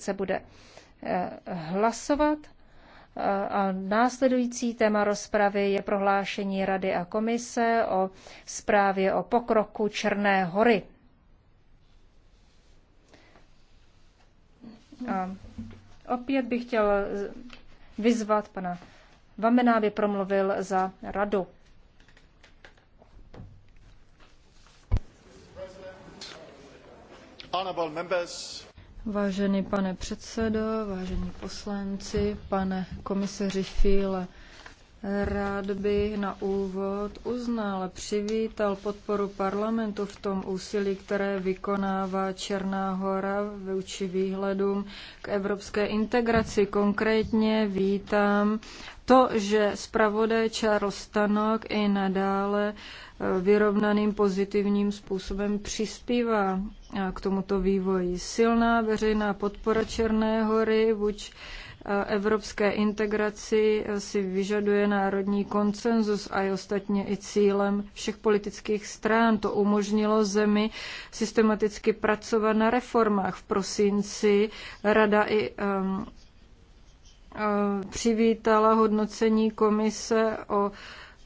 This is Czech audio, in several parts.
se bude eh, hlasovat. Eh, a následující téma rozpravy je prohlášení Rady a komise o zprávě o pokroku Černé hory. A opět bych chtěl eh, vyzvat pana Vamená, aby promluvil za radu. Honorable members, Vážený pane předsedo, vážení poslanci, pane komisaři Fíle, rád bych na úvod uznal, přivítal podporu parlamentu v tom úsilí, které vykonává Černá hora vůči výhledům k evropské integraci. Konkrétně vítám to, že zpravodaj Charles Tanok i nadále eh, vyrovnaným pozitivním způsobem přispívá k tomuto vývoji. Silná veřejná podpora Černé hory vůči e, evropské integraci e, si vyžaduje národní konsenzus a je ostatně i cílem všech politických strán. To umožnilo zemi systematicky pracovat na reformách. V prosinci rada i um, přivítala hodnocení komise o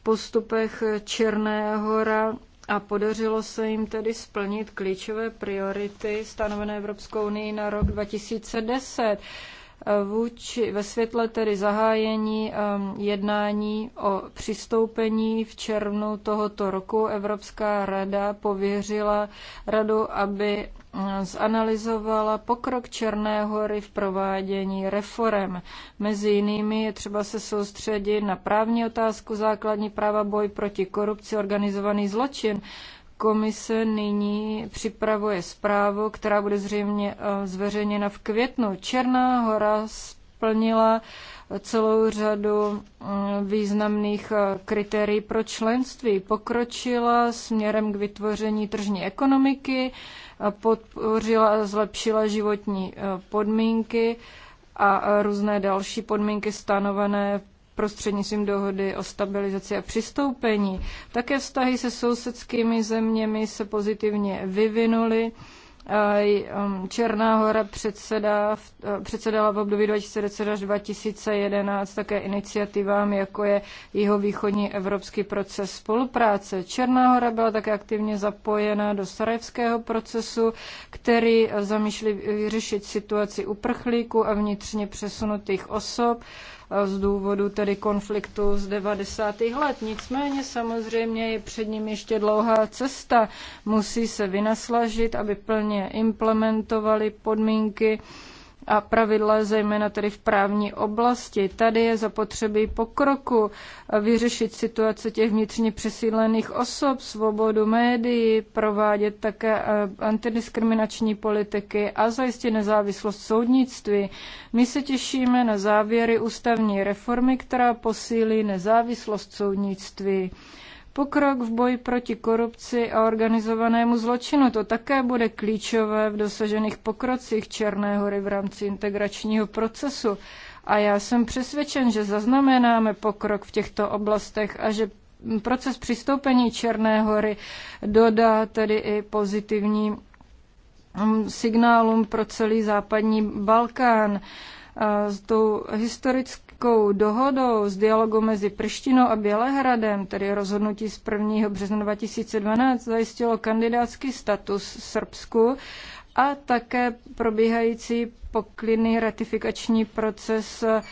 postupech Černé hora a podařilo se jim tedy splnit klíčové priority stanovené Evropskou unii na rok 2010. Vůči, ve světle tedy zahájení um, jednání o přistoupení v červnu tohoto roku Evropská rada pověřila radu, aby zanalizovala pokrok Černé hory v provádění reform. Mezi jinými je třeba se soustředit na právní otázku základní práva boj proti korupci, organizovaný zločin. Komise nyní připravuje zprávu, která bude zřejmě eh, zveřejněna v květnu. Černá hora splnila celou řadu mm, významných eh, kritérií pro členství. Pokročila směrem k vytvoření tržní ekonomiky, eh, podpořila a zlepšila životní eh, podmínky a různé další podmínky stanovené prostřednictvím dohody o stabilizaci a přistoupení. Také vztahy se sousedskými zeměmi se pozitivně vyvinuly Um, Černá hora předseda, eh, předsedala v období 2010 až 2011 také iniciativám, jako je jeho východní evropský proces spolupráce. Černá hora byla také aktivně zapojena do sarajevského procesu, který eh, zamýšlí vyřešit situaci uprchlíků a vnitřně přesunutých osob z důvodu tedy konfliktu z 90. let. Nicméně samozřejmě je před ním ještě dlouhá cesta. Musí se vynaslažit, aby plně implementovali podmínky a pravidla, zejména tedy v právní oblasti. Tady je zapotřebí pokroku vyřešit situace těch vnitřně přesídlených osob, svobodu médií, provádět také eh, antidiskriminační politiky a zajistit nezávislost soudnictví. My se těšíme na závěry ústavní reformy, která posílí nezávislost soudnictví. Pokrok v boji proti korupci a organizovanému zločinu to také bude klíčové v dosažených pokrocích Černé hory v rámci integračního procesu. A já jsem přesvědčen, že zaznamenáme pokrok v těchto oblastech a že proces přistoupení Černé hory dodá tedy i pozitivní mm, signálům pro celý západní Balkán. S tou historickou krátkou dohodou z dialogu mezi Prištinou a Bělehradem, tedy rozhodnutí z 1. března 2012, zajistilo kandidátský status Srbsku a také probíhající pokliny ratifikační proces eh,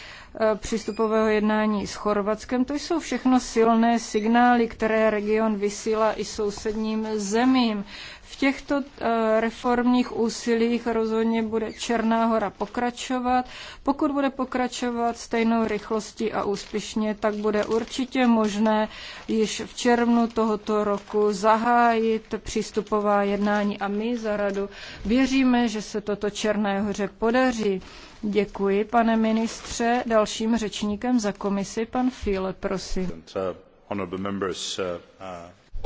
přístupového jednání s Chorvatskem. To jsou všechno silné signály, které region vysílá i sousedním zemím. V těchto eh, reformních úsilích rozhodně bude Černá hora pokračovat. Pokud bude pokračovat stejnou rychlostí a úspěšně, tak bude určitě možné již v červnu tohoto roku zahájit přístupová jednání a my za radu věříme, že se toto Černé hoře podaří. Děkuji, pane ministře. Dalším řečníkem za komisi pan File, prosím. uh,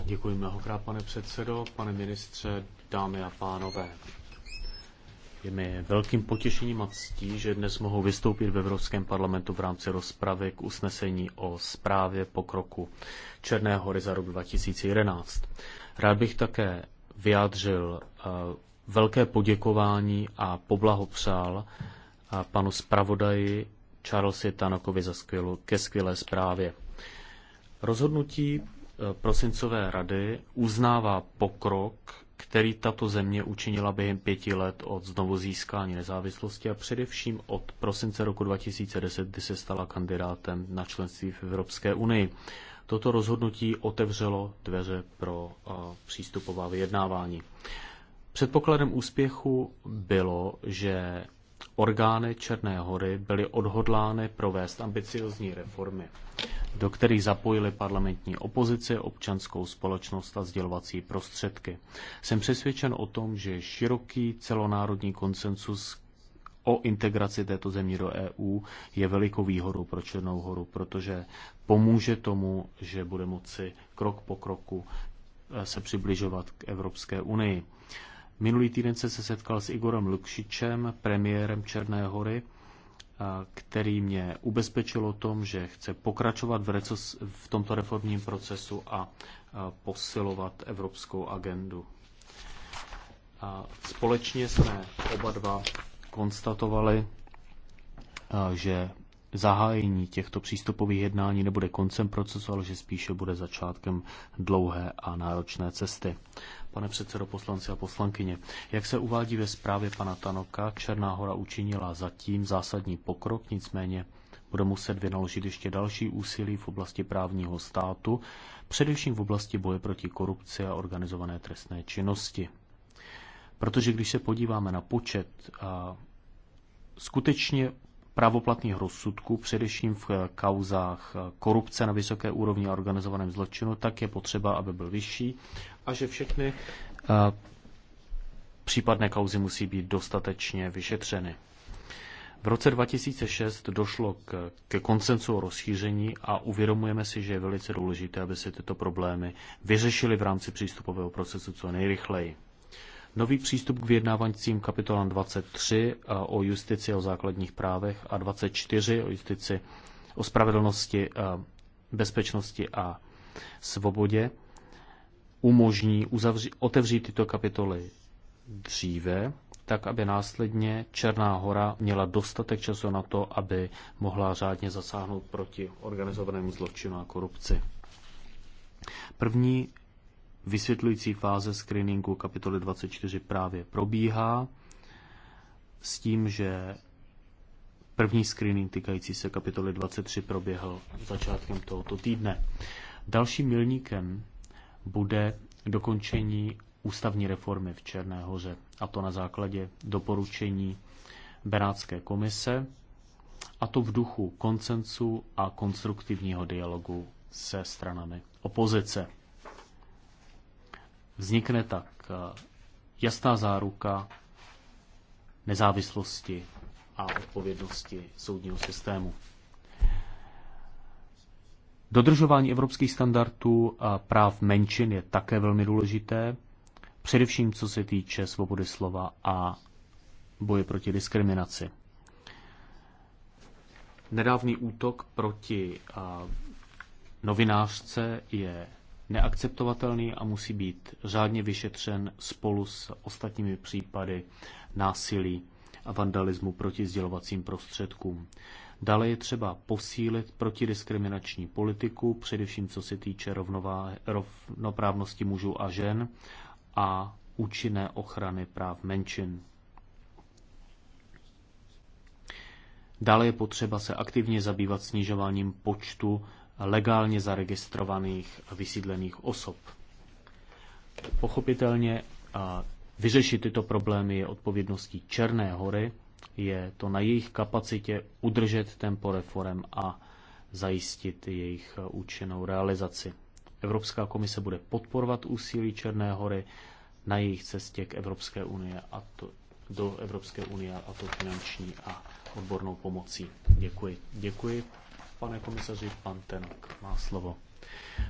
Děkuji mnohokrát, pane předsedo, pane ministře, dámy a pánové. Je mi velkým potěšením a ctí, že dnes mohu vystoupit v Evropském parlamentu v rámci rozpravy k usnesení o zprávě pokroku Černé hory za rok 2011. Rád bych také vyjádřil eh, velké poděkování a poblahopřál eh, panu zpravodaji Charlesi Tanakovi za skvělu, ke skvělé zprávě. Rozhodnutí prosincové rady uznává pokrok, který tato země učinila během pěti let od znovu získání nezávislosti a především od prosince roku 2010, kdy se stala kandidátem na členství v Evropské unii. Toto rozhodnutí otevřelo dveře pro přístupová vyjednávání. Předpokladem úspěchu bylo, že orgány Černé hory byly odhodlány provést ambiciozní reformy do kterých zapojili parlamentní opozici, občanskou společnost a sdělovací prostředky. Jsem přesvědčen o tom, že široký celonárodní konsensus o integraci této země do EU je velikou výhodou pro Černou horu, protože pomůže tomu, že bude moci krok po kroku eh, se přibližovat k Evropské unii. Minulý týden se setkal s Igorem Lukšičem, premiérem Černé hory, který mě ubezpečil o tom, že chce pokračovat v, recos, v tomto reformním procesu a posilovat evropskou agendu. Společně jsme oba dva konstatovali, že zahájení těchto přístupových jednání nebude koncem procesu, ale že spíše bude začátkem dlouhé a náročné cesty. Pane předsedo poslanci a poslankyně, jak se uvádí ve zprávě pana Tanoka, Černá hora učinila zatím zásadní pokrok, nicméně bude muset vynaložit ještě další úsilí v oblasti právního státu, především v oblasti boje proti korupci a organizované trestné činnosti. Protože když se podíváme na počet skutečně pravoplatných rozsudků, především v eh, kauzách eh, korupce na vysoké úrovni a organizovaném zločinu, tak je potřeba, aby byl vyšší a že všechny eh, případné kauzy musí být dostatečně vyšetřeny. V roce 2006 došlo k, ke koncensu o rozšíření a uvědomujeme si, že je velice důležité, aby se tyto problémy vyřešily v rámci přístupového procesu co nejrychleji. Nový přístup k vyjednávajícím kapitolám 23 eh, o justici o základních právech a 24 o justici o spravedlnosti, eh, bezpečnosti a svobodě umožní uzavři, otevřít tyto kapitoly dříve, tak aby následně Černá hora měla dostatek času na to, aby mohla řádně zasáhnout proti organizovanému zločinu a korupci. První Vysvětlující fáze screeningu kapitoly 24 právě probíhá s tím, že první screening týkající se kapitoly 23 proběhl začátkem tohoto týdne. Dalším milníkem bude dokončení ústavní reformy v Černé hoře, a to na základě doporučení Benátské komise, a to v duchu koncensu a konstruktivního dialogu se stranami opozice. Vznikne tak eh, jasná záruka nezávislosti a odpovědnosti soudního systému. Dodržování evropských standardů a práv menšin je také velmi důležité, především co se týče svobody slova a boje proti diskriminaci. Nedávný útok proti eh, novinářce je neakceptovatelný a musí být řádně vyšetřen spolu s ostatními případy násilí a vandalismu proti sdělovacím prostředkům. Dále je třeba posílit protidiskriminační politiku, především co se týče rovnová, rovnoprávnosti mužů a žen a účinné ochrany práv menšin. Dále je potřeba se aktivně zabývat snižováním počtu legálně zaregistrovaných vysídlených osob. Pochopitelně vyřešit tyto problémy je odpovědností Černé hory, je to na jejich kapacitě udržet tempo reform a zajistit jejich účinnou realizaci. Evropská komise bude podporovat úsilí Černé hory na jejich cestě k Evropské unie a to, do Evropské unie a to finanční a odbornou pomocí. Děkuji. Děkuji, Pane komisaři, pan Tenok má slovo.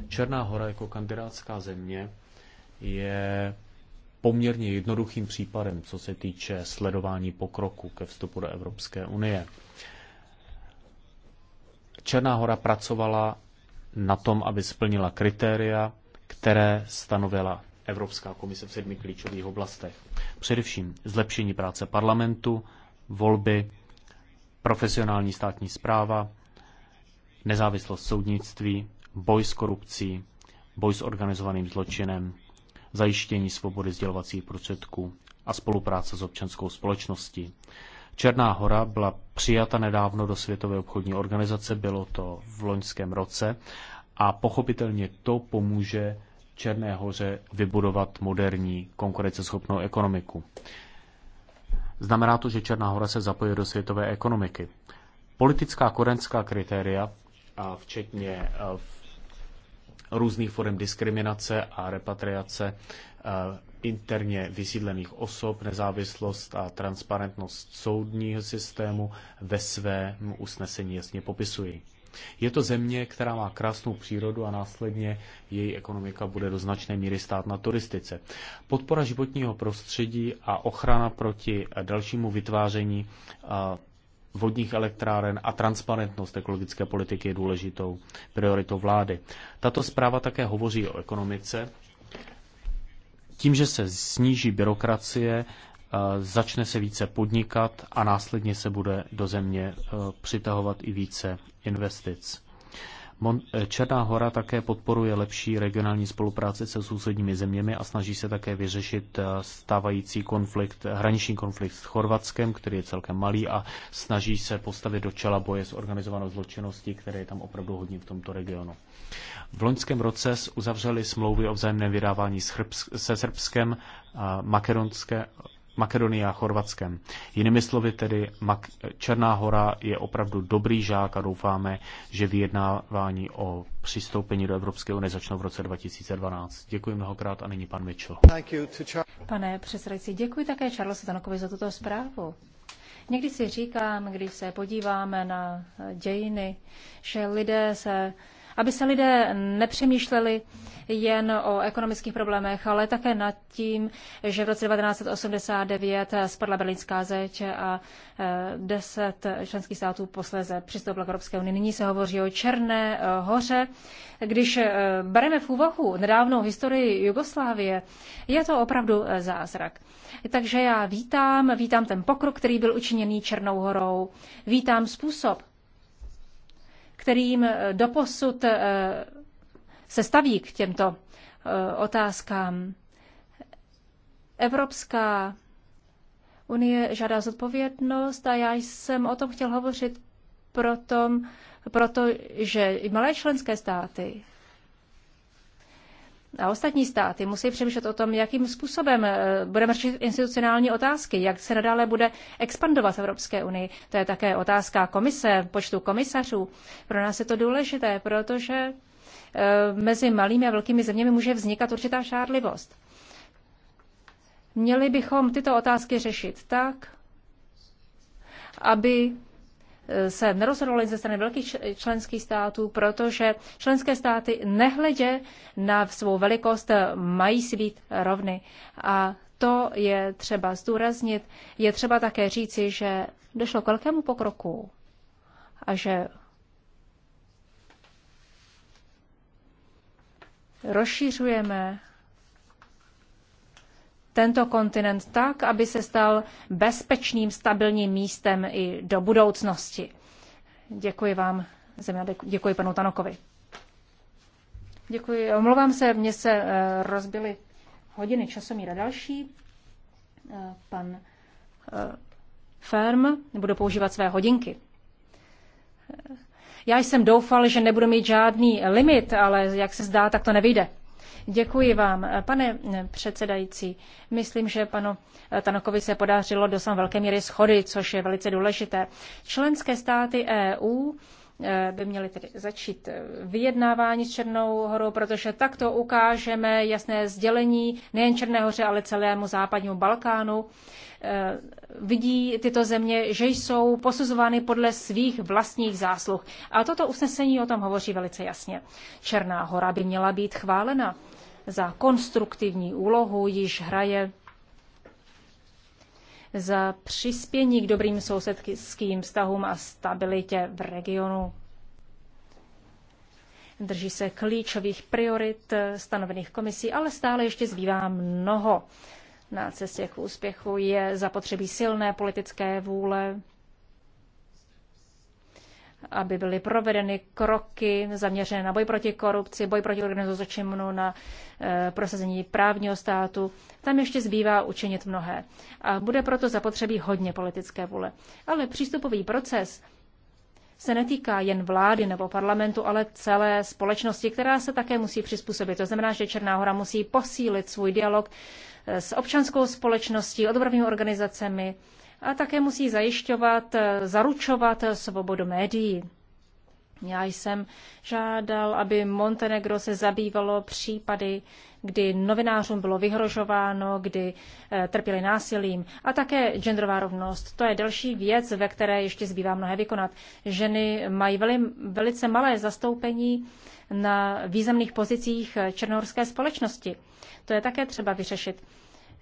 Černá hora jako kandidátská země je poměrně jednoduchým případem, co se týče sledování pokroku ke vstupu do Evropské unie. Černá hora pracovala na tom, aby splnila kritéria, které stanovila Evropská komise v sedmi klíčových oblastech. Především zlepšení práce parlamentu, volby, profesionální státní zpráva, nezávislost soudnictví, boj s korupcí, boj s organizovaným zločinem, zajištění svobody sdělovacích prostředků a spolupráce s občanskou společností. Černá hora byla přijata nedávno do Světové obchodní organizace, bylo to v loňském roce a pochopitelně to pomůže Černé hoře vybudovat moderní konkurenceschopnou ekonomiku. Znamená to, že Černá hora se zapojí do světové ekonomiky. Politická korenská kritéria včetně eh, různých forem diskriminace a repatriace eh, interně vysídlených osob, nezávislost a transparentnost soudního systému ve svém usnesení jasně popisují. Je to země, která má krásnou přírodu a následně její ekonomika bude do značné míry stát na turistice. Podpora životního prostředí a ochrana proti dalšímu vytváření eh, vodních elektráren a transparentnost ekologické politiky je důležitou prioritou vlády. Tato zpráva také hovoří o ekonomice. Tím, že se sníží byrokracie, eh, začne se více podnikat a následně se bude do země eh, přitahovat i více investic. Mon- eh, Černá hora také podporuje lepší regionální spolupráci se sousedními zeměmi a snaží se také vyřešit eh, stávající konflikt, hraniční konflikt s Chorvatskem, který je celkem malý a snaží se postavit do čela boje s organizovanou zločinností, které je tam opravdu hodně v tomto regionu. V loňském roce uzavřeli smlouvy o vzájemném vydávání se Srbskem, Makedonské, Makedonii a Chorvatskem. Jinými slovy tedy, Černá hora je opravdu dobrý žák a doufáme, že vyjednávání o přistoupení do Evropské unie začnou v roce 2012. Děkuji mnohokrát a nyní pan Mitchell. Pane předsedající, děkuji také Charlesu Tanokovi za tuto zprávu. Někdy si říkám, když se podíváme na dějiny, že lidé se aby se lidé nepřemýšleli jen o ekonomických problémech, ale také nad tím, že v roce 1989 spadla berlínská zeď a e, deset členských států posléze přistoupilo k Evropské unii. Nyní se hovoří o Černé e, hoře. Když e, bereme v úvahu nedávnou historii Jugoslávie, je to opravdu zázrak. Takže já vítám, vítám ten pokrok, který byl učiněný Černou horou, vítám způsob, kterým eh, doposud eh, se staví k těmto eh, otázkám. Evropská unie žádá zodpovědnost a já jsem o tom chtěl hovořit proto, protože malé členské státy a ostatní státy musí přemýšlet o tom, jakým způsobem eh, budeme řešit institucionální otázky, jak se nadále bude expandovat v Evropské unii. To je také otázka komise, počtu komisařů. Pro nás je to důležité, protože eh, mezi malými a velkými zeměmi může vznikat určitá šádlivost. Měli bychom tyto otázky řešit tak, aby se nerozhodovaly ze strany velkých členských států, protože členské státy nehledě na svou velikost mají si být rovny. A to je třeba zdůraznit. Je třeba také říci, že došlo k velkému pokroku a že rozšířujeme tento kontinent tak, aby se stal bezpečným, stabilním místem i do budoucnosti. Děkuji vám, země, děkuji panu Tanokovi. Děkuji. Omlouvám se, mně se eh, rozbily hodiny časomíra další. Eh, pan eh, Ferm bude používat své hodinky. Já jsem doufal, že nebudu mít žádný limit, ale jak se zdá, tak to nevyjde. Děkuji vám, pane předsedající. Myslím, že panu Tanokovi se podařilo dosáhnout velké míry schody, což je velice důležité. Členské státy EU eh, by měli tedy začít eh, vyjednávání s Černou horou, protože takto ukážeme jasné sdělení nejen Černé hoře, ale celému západnímu Balkánu. Eh, vidí tyto země, že jsou posuzovány podle svých vlastních zásluh. A toto usnesení o tom hovoří velice jasně. Černá hora by měla být chválena za konstruktivní úlohu již hraje za přispění k dobrým sousedským vztahům a stabilitě v regionu. Drží se klíčových priorit stanovených komisí, ale stále ještě zbývá mnoho. Na cestě k úspěchu je zapotřebí silné politické vůle, aby byly provedeny kroky zaměřené na boj proti korupci, boj proti organizovanému na e, prosazení právního státu. Tam ještě zbývá učinit mnohé. A bude proto zapotřebí hodně politické vůle. Ale přístupový proces se netýká jen vlády nebo parlamentu, ale celé společnosti, která se také musí přizpůsobit. To znamená, že Černá hora musí posílit svůj dialog eh, s občanskou společností, odborovými organizacemi, a také musí zajišťovat, eh, zaručovat svobodu médií. Já jsem žádal, aby Montenegro se zabývalo případy, kdy novinářům bylo vyhrožováno, kdy eh, trpěli násilím. A také genderová rovnost. To je další věc, ve které ještě zbývá mnohé vykonat. Ženy mají veli, velice malé zastoupení na významných pozicích eh, černohorské společnosti. To je také třeba vyřešit.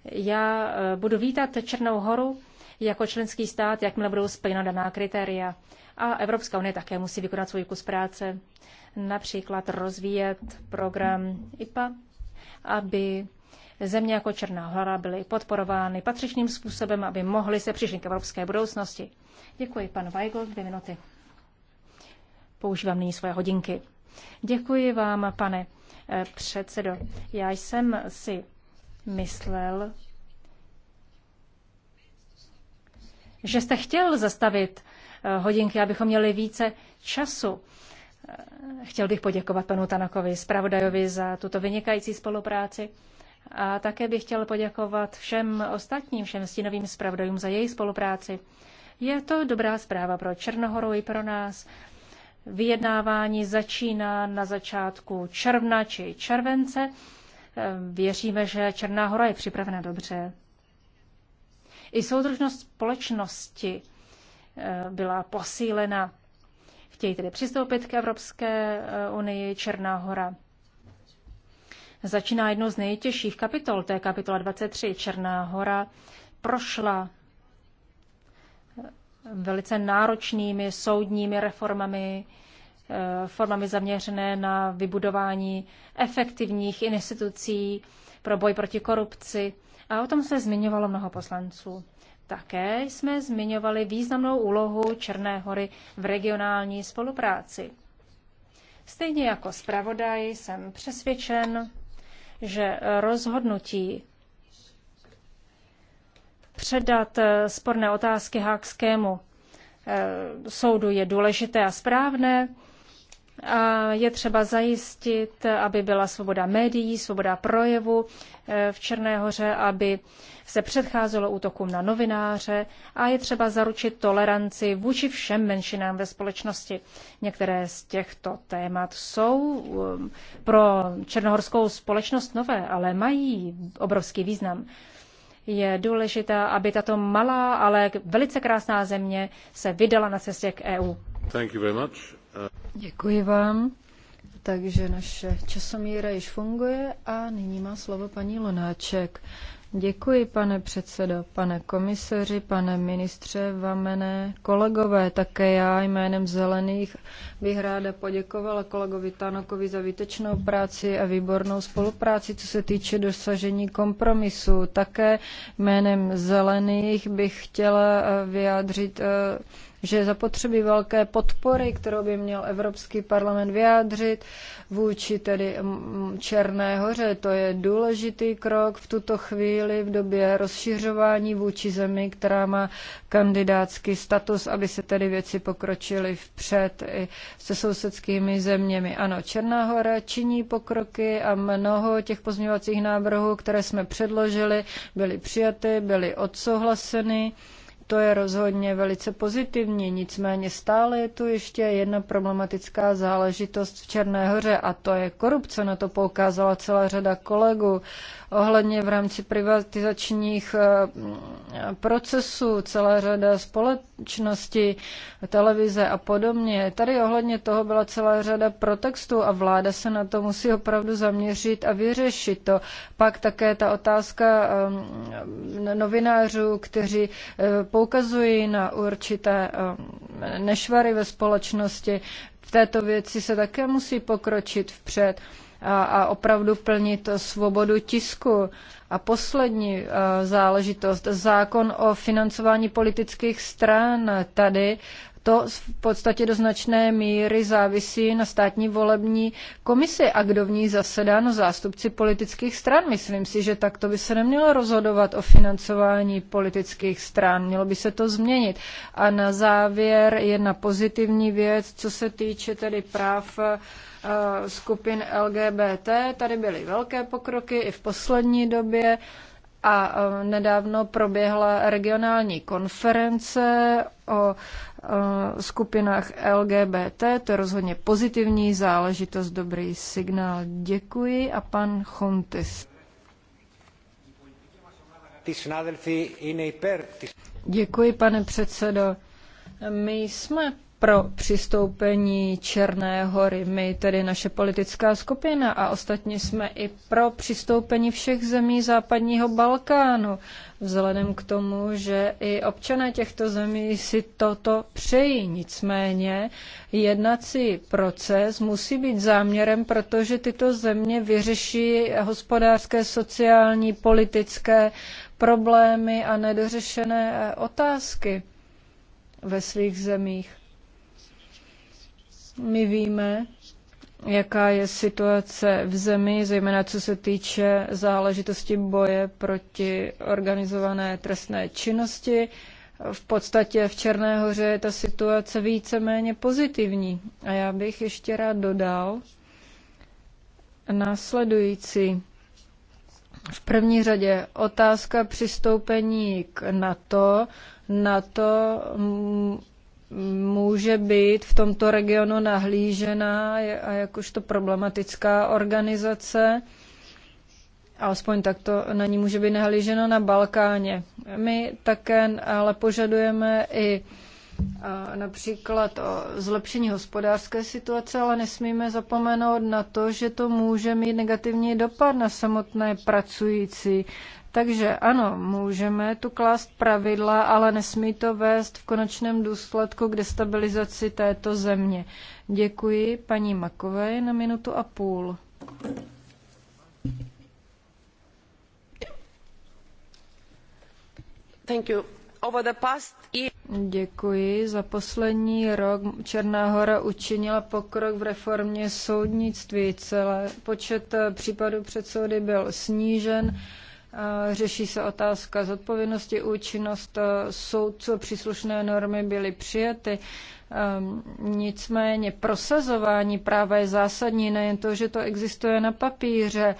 Já budu vítat Černou horu jako členský stát, jakmile budou splněna daná kritéria. A Evropská unie také musí vykonat svůj kus práce, například rozvíjet program IPA, aby země jako Černá hora byly podporovány patřičným způsobem, aby mohly se přišli k evropské budoucnosti. Děkuji, pan Weigl, dvě minuty. Používám nyní svoje hodinky. Děkuji vám, pane eh, předsedo. Já jsem si myslel, že jste chtěl zastavit eh, hodinky, abychom měli více času. Eh, chtěl bych poděkovat panu Tanakovi, zpravodajovi za tuto vynikající spolupráci. A také bych chtěl poděkovat všem ostatním, všem stínovým zpravodajům za její spolupráci. Je to dobrá zpráva pro Černohoru i pro nás. Vyjednávání začíná na začátku června či července. Eh, věříme, že Černá hora je připravena dobře. I soudržnost společnosti eh, byla posílena. Chtějí tedy přistoupit k Evropské eh, unii Černá hora. Začíná jednou z nejtěžších kapitol, to je kapitola 23. Černá hora prošla eh, velice náročnými soudními reformami, formami zaměřené na vybudování efektivních institucí pro boj proti korupci, a o tom se zmiňovalo mnoho poslanců. Také jsme zmiňovali významnou úlohu Černé hory v regionální spolupráci. Stejně jako zpravodaj jsem přesvědčen, že rozhodnutí předat sporné otázky hákskému eh, soudu je důležité a správné je třeba zajistit, aby byla svoboda médií, svoboda projevu eh, v Černé hoře, aby se předcházelo útokům na novináře a je třeba zaručit toleranci vůči všem menšinám ve společnosti. Některé z těchto témat jsou eh, pro černohorskou společnost nové, ale mají obrovský význam je důležité, aby tato malá, ale velice krásná země se vydala na cestě k EU. Thank you very much. Děkuji vám. Takže naše časomíra již funguje a nyní má slovo paní Lonáček. Děkuji, pane předsedo, pane komisaři, pane ministře Vamené, kolegové, také já jménem Zelených bych ráda poděkovala kolegovi Tanokovi za výtečnou práci a výbornou spolupráci, co se týče dosažení kompromisu. Také jménem Zelených bych chtěla vyjádřit že zapotřebí velké podpory, kterou by měl Evropský parlament vyjádřit vůči tedy Černé hoře. To je důležitý krok v tuto chvíli v době rozšiřování vůči zemi, která má kandidátský status, aby se tedy věci pokročily vpřed i se sousedskými zeměmi. Ano, Černá hora činí pokroky a mnoho těch pozměňovacích návrhů, které jsme předložili, byly přijaty, byly odsouhlaseny. To je rozhodně velice pozitivní, nicméně stále je tu ještě jedna problematická záležitost v Černé hoře a to je korupce. Na to poukázala celá řada kolegů. Ohledně v rámci privatizačních eh, procesů celá řada společností, televize a podobně. Tady ohledně toho byla celá řada protextů a vláda se na to musí opravdu zaměřit a vyřešit to. Pak také ta otázka ehm, novinářů, kteří eh, poukazují na určité eh, nešvary ve společnosti. V této věci se také musí pokročit vpřed a, a opravdu plnit svobodu tisku. A poslední eh, záležitost, zákon o financování politických stran. Tady to v podstatě do značné míry závisí na státní volební komisi a kdo v ní zasedá, no zástupci politických stran. Myslím si, že takto by se nemělo rozhodovat o financování politických stran, mělo by se to změnit. A na závěr jedna pozitivní věc, co se týče tedy práv eh, skupin LGBT. Tady byly velké pokroky i v poslední době a eh, nedávno proběhla regionální konference o Eh, skupinách LGBT. To je rozhodně pozitivní záležitost, dobrý signál. Děkuji a pan Chontis. Děkuji, pane předsedo. My jsme pro přistoupení Černé hory, my tedy naše politická skupina a ostatně jsme i pro přistoupení všech zemí západního Balkánu, vzhledem k tomu, že i občané těchto zemí si toto přejí. Nicméně jednací proces musí být záměrem, protože tyto země vyřeší hospodářské, sociální, politické problémy a nedořešené otázky ve svých zemích. My víme, jaká je situace v zemi, zejména co se týče záležitosti boje proti organizované trestné činnosti. V podstatě v Černé hoře je ta situace víceméně pozitivní. A já bych ještě rád dodal následující. V první řadě otázka přistoupení k NATO. NATO může být v tomto regionu nahlížena a jakožto problematická organizace, alespoň tak to na ní může být nahlíženo na Balkáně. My také ale požadujeme i například o zlepšení hospodářské situace, ale nesmíme zapomenout na to, že to může mít negativní dopad na samotné pracující. Takže ano, můžeme tu klást pravidla, ale nesmí to vést v konečném důsledku k destabilizaci této země. Děkuji paní Makové na minutu a půl. Thank you. Over the past year... Děkuji. Za poslední rok Černá hora učinila pokrok v reformě soudnictví. Celé počet eh, případů před soudy byl snížen. Eh, řeší se otázka zodpovědnosti, účinnost eh, soudců, příslušné normy byly přijaty. Ehm, nicméně prosazování práva je zásadní, nejen to, že to existuje na papíře,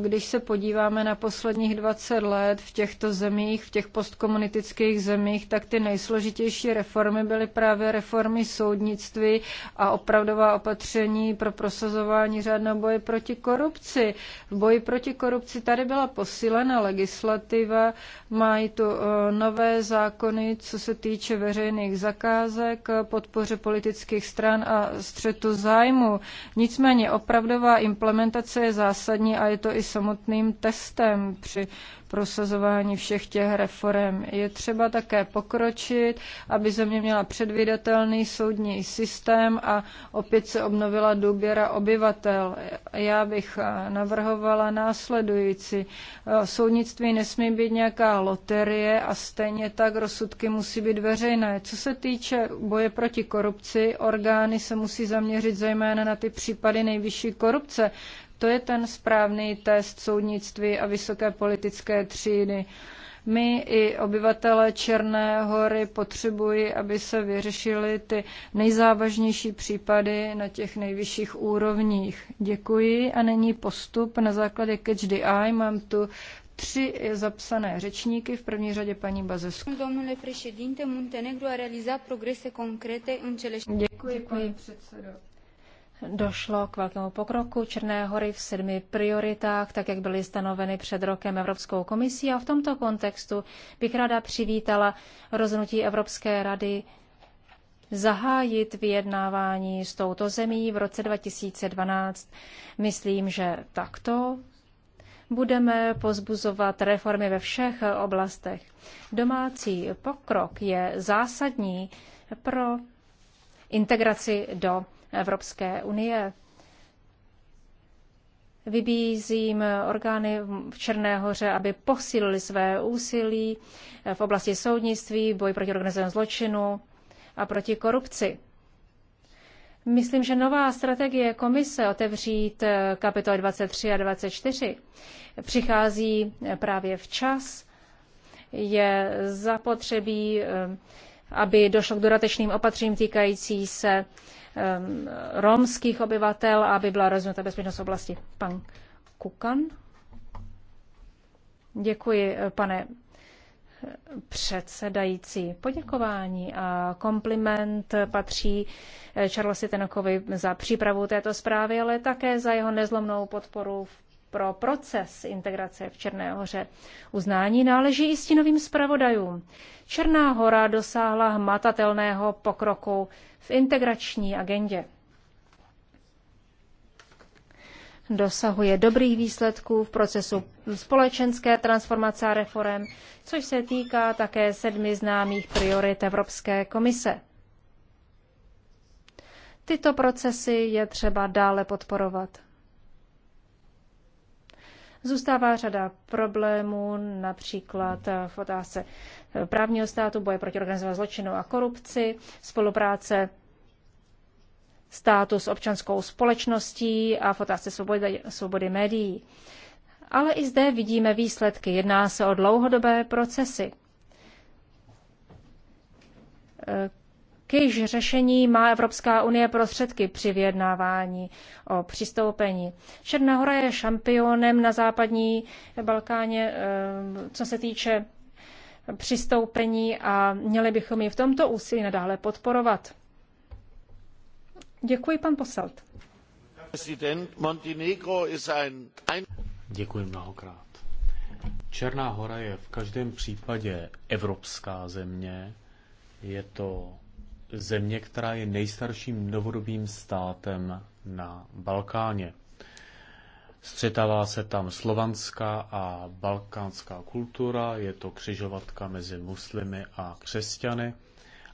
když se podíváme na posledních 20 let v těchto zemích, v těch postkomunistických zemích, tak ty nejsložitější reformy byly právě reformy soudnictví a opravdová opatření pro prosazování řádného boje proti korupci. V boji proti korupci tady byla posílena legislativa, mají tu e, nové zákony, co se týče veřejných zakázek, podpoře politických stran a střetu zájmu. Nicméně opravdová implementace je zásadní a je to to i samotným testem při prosazování všech těch reform. Je třeba také pokročit, aby země měla předvídatelný soudní systém a opět se obnovila důběra obyvatel. Já bych navrhovala následující. Soudnictví nesmí být nějaká loterie a stejně tak rozsudky musí být veřejné. Co se týče boje proti korupci, orgány se musí zaměřit zejména na ty případy nejvyšší korupce, to je ten správný test soudnictví a vysoké politické třídy. My i obyvatele Černé hory potřebují, aby se vyřešily ty nejzávažnější případy na těch nejvyšších úrovních. Děkuji a není postup na základě Catch the Eye. Mám tu tři zapsané řečníky, v první řadě paní Bazesku. Domnule președinte, Montenegro a realizat progrese în cele... Děkuji, Děkuji. pane předsedo. Došlo k velkému pokroku Černé hory v sedmi prioritách, tak jak byly stanoveny před rokem Evropskou komisí. A v tomto kontextu bych ráda přivítala rozhodnutí Evropské rady zahájit vyjednávání s touto zemí v roce 2012. Myslím, že takto budeme pozbuzovat reformy ve všech oblastech. Domácí pokrok je zásadní pro integraci do Evropské unie. Vybízím orgány v Černé hoře, aby posílili své úsilí v oblasti soudnictví, boj proti organizovanému zločinu a proti korupci. Myslím, že nová strategie komise otevřít kapitoly 23 a 24 přichází právě včas. Je zapotřebí, eh, aby došlo k dodatečným opatřením týkající se romských obyvatel, aby byla rozvinuta bezpečnost oblasti. Pan Kukan. Děkuji, eh, pane eh, předsedající. Poděkování a kompliment patří eh, Charlesi Tenokovi za přípravu této zprávy, ale také za jeho nezlomnou podporu v pro proces integrace v Černé hoře. Uznání náleží i stinovým zpravodajům. Černá hora dosáhla hmatatelného pokroku v integrační agendě. Dosahuje dobrých výsledků v procesu společenské transformace a reform, což se týká také sedmi známých priorit Evropské komise. Tyto procesy je třeba dále podporovat. Zůstává řada problémů, například eh, v otázce eh, právního státu, boje proti organizovanému zločinu a korupci, spolupráce státu s občanskou společností a v otázce svobody, svobody médií. Ale i zde vidíme výsledky. Jedná se o dlouhodobé procesy eh, Kyž řešení má Evropská unie prostředky při vyjednávání o přistoupení. Černá hora je šampionem na západní Balkáně, eh, co se týče přistoupení a měli bychom ji v tomto úsilí nadále podporovat. Děkuji, pan Poselt. Děkuji mnohokrát. Černá hora je v každém případě evropská země. Je to země, která je nejstarším novodobým státem na Balkáně. Střetává se tam slovanská a balkánská kultura, je to křižovatka mezi muslimy a křesťany.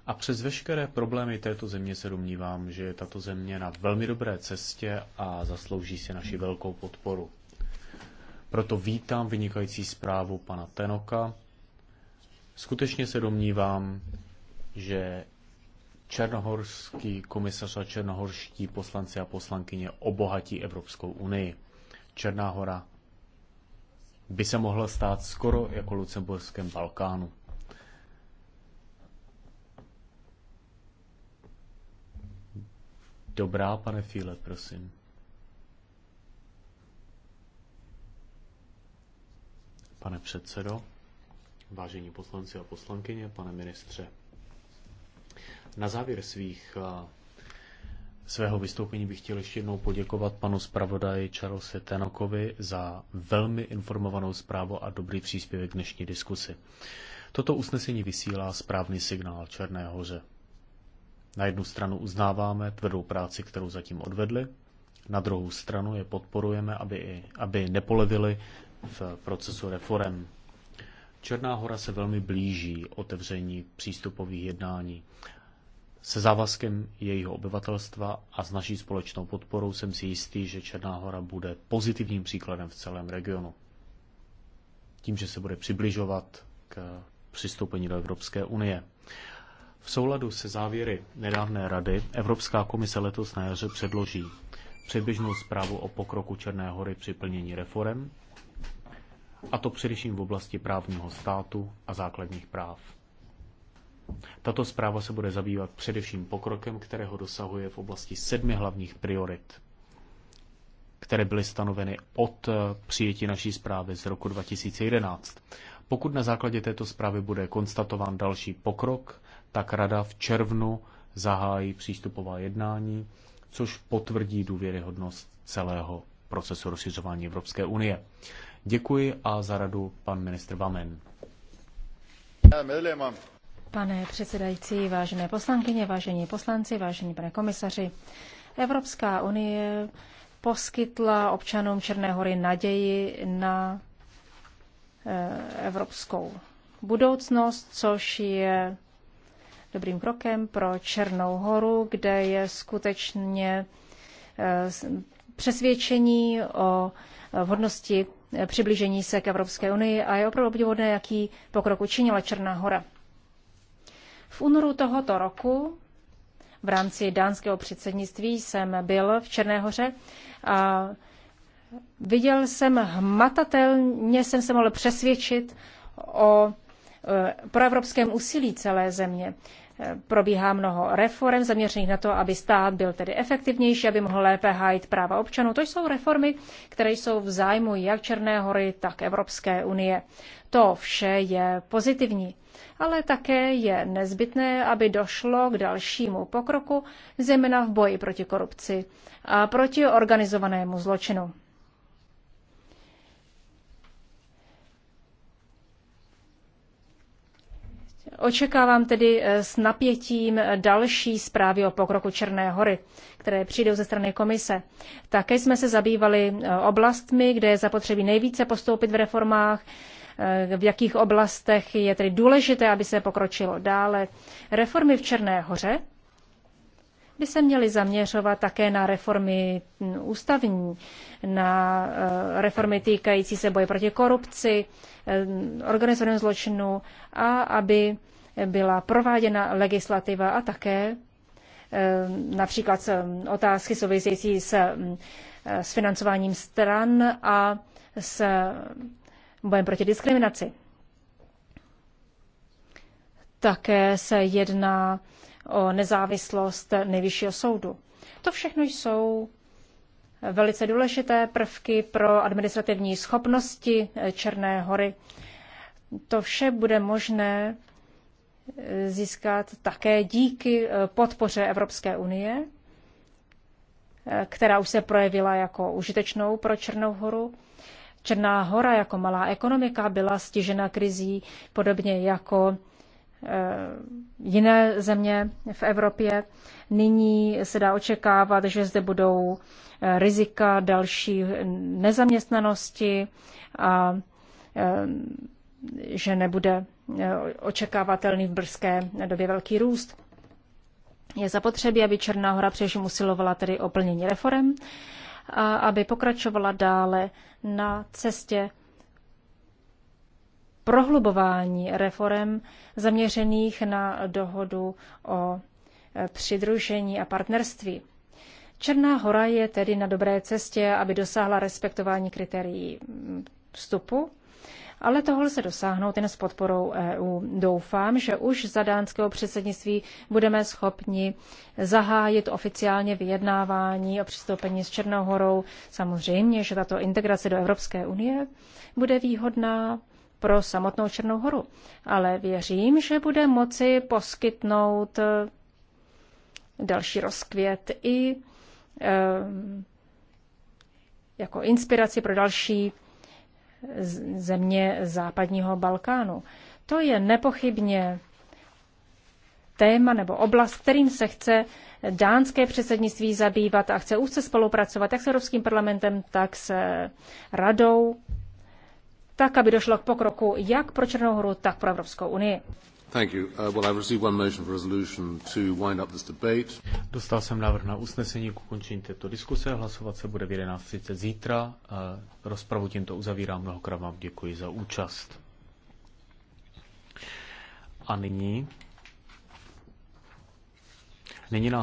A přes veškeré problémy této země se domnívám, že je tato země na velmi dobré cestě a zaslouží si naši velkou podporu. Proto vítám vynikající zprávu pana Tenoka. Skutečně se domnívám, že černohorský komisař a černohorští poslanci a poslankyně obohatí Evropskou unii. Černá hora by se mohla stát skoro jako Lucemburském Balkánu. Dobrá, pane Fíle, prosím. Pane předsedo, vážení poslanci a poslankyně, pane ministře, na závěr svých eh, svého vystoupení bych chtěl ještě jednou poděkovat panu zpravodaji Charlesi Tenokovi za velmi informovanou zprávu a dobrý příspěvek k dnešní diskusi. Toto usnesení vysílá správný signál Černé hoře. Na jednu stranu uznáváme tvrdou práci, kterou zatím odvedli, na druhou stranu je podporujeme, aby, i, aby nepolevili v procesu reform. Černá hora se velmi blíží otevření přístupových jednání se závazkem jejího obyvatelstva a s naší společnou podporou jsem si jistý, že Černá hora bude pozitivním příkladem v celém regionu. Tím, že se bude přibližovat k přistoupení do Evropské unie. V souladu se závěry nedávné rady Evropská komise letos na jaře předloží předběžnou zprávu o pokroku Černé hory při plnění reform, a to především v oblasti právního státu a základních práv. Tato zpráva se bude zabývat především pokrokem, kterého dosahuje v oblasti sedmi hlavních priorit, které byly stanoveny od eh, přijetí naší zprávy z roku 2011. Pokud na základě této zprávy bude konstatován další pokrok, tak Rada v červnu zahájí přístupová jednání, což potvrdí důvěryhodnost celého procesu rozšiřování Evropské unie. Děkuji a za radu pan ministr Vamen. Medlema. Pane předsedající, vážené poslankyně, vážení poslanci, vážení pane komisaři, Evropská unie poskytla občanům Černé hory naději na eh, evropskou budoucnost, což je dobrým krokem pro Černou horu, kde je skutečně eh, přesvědčení o vhodnosti eh, přiblížení se k Evropské unii a je opravdu obdivodné, jaký pokrok učinila Černá hora. V únoru tohoto roku v rámci dánského předsednictví jsem byl v Černé a viděl jsem hmatatelně, jsem se mohl přesvědčit o e, proevropském úsilí celé země probíhá mnoho reform zaměřených na to, aby stát byl tedy efektivnější, aby mohl lépe hájit práva občanů. To jsou reformy, které jsou v zájmu jak Černé hory, tak Evropské unie. To vše je pozitivní. Ale také je nezbytné, aby došlo k dalšímu pokroku, zejména v boji proti korupci a proti organizovanému zločinu. Očekávám tedy eh, s napětím eh, další zprávy o pokroku Černé hory, které přijdou ze strany komise. Také jsme se zabývali eh, oblastmi, kde je zapotřebí nejvíce postoupit v reformách, v jakých oblastech je tedy důležité, aby se pokročilo dále. Reformy v Černé hoře by se měly zaměřovat také na reformy ústavní, na eh, reformy týkající se boje proti korupci, eh, organizovanému zločinu a aby byla prováděna legislativa a také eh, například mm, otázky související s, mm, s financováním stran a s mm, bojem proti diskriminaci. Také se jedná o nezávislost nejvyššího soudu. To všechno jsou velice důležité prvky pro administrativní schopnosti eh, Černé hory. To vše bude možné eh, získat také díky eh, podpoře Evropské unie, která už se projevila jako užitečnou pro Černou horu. Černá hora jako malá ekonomika byla stižena krizí, podobně jako Eh, jiné země v Evropě. Nyní se dá očekávat, že zde budou eh, rizika další nezaměstnanosti a eh, že nebude očekávatelný v brzké době velký růst. Je zapotřebí, aby Černá hora především usilovala tedy o plnění reform a aby pokračovala dále na cestě prohlubování reform zaměřených na dohodu o e, přidružení a partnerství. Černá hora je tedy na dobré cestě, aby dosáhla respektování kritérií mm, vstupu, ale toho lze dosáhnout jen s podporou EU. Doufám, že už za dánského předsednictví budeme schopni zahájit oficiálně vyjednávání o přistoupení s Černou horou. Samozřejmě, že tato integrace do Evropské unie bude výhodná pro samotnou Černou horu, ale věřím, že bude moci poskytnout eh, další rozkvět i eh, jako inspiraci pro další eh, země západního Balkánu. To je nepochybně téma nebo oblast, kterým se chce dánské předsednictví zabývat a chce úzce spolupracovat jak s Evropským parlamentem, tak s radou tak, aby došlo k pokroku jak pro Černou horu, tak pro Evropskou unii. Dostal jsem návrh na usnesení k ukončení této diskuse. Hlasovat se bude v 11.30 zítra. Uh, rozpravu tímto uzavírám. Mnohokrát vám děkuji za účast. A nyní, nyní nás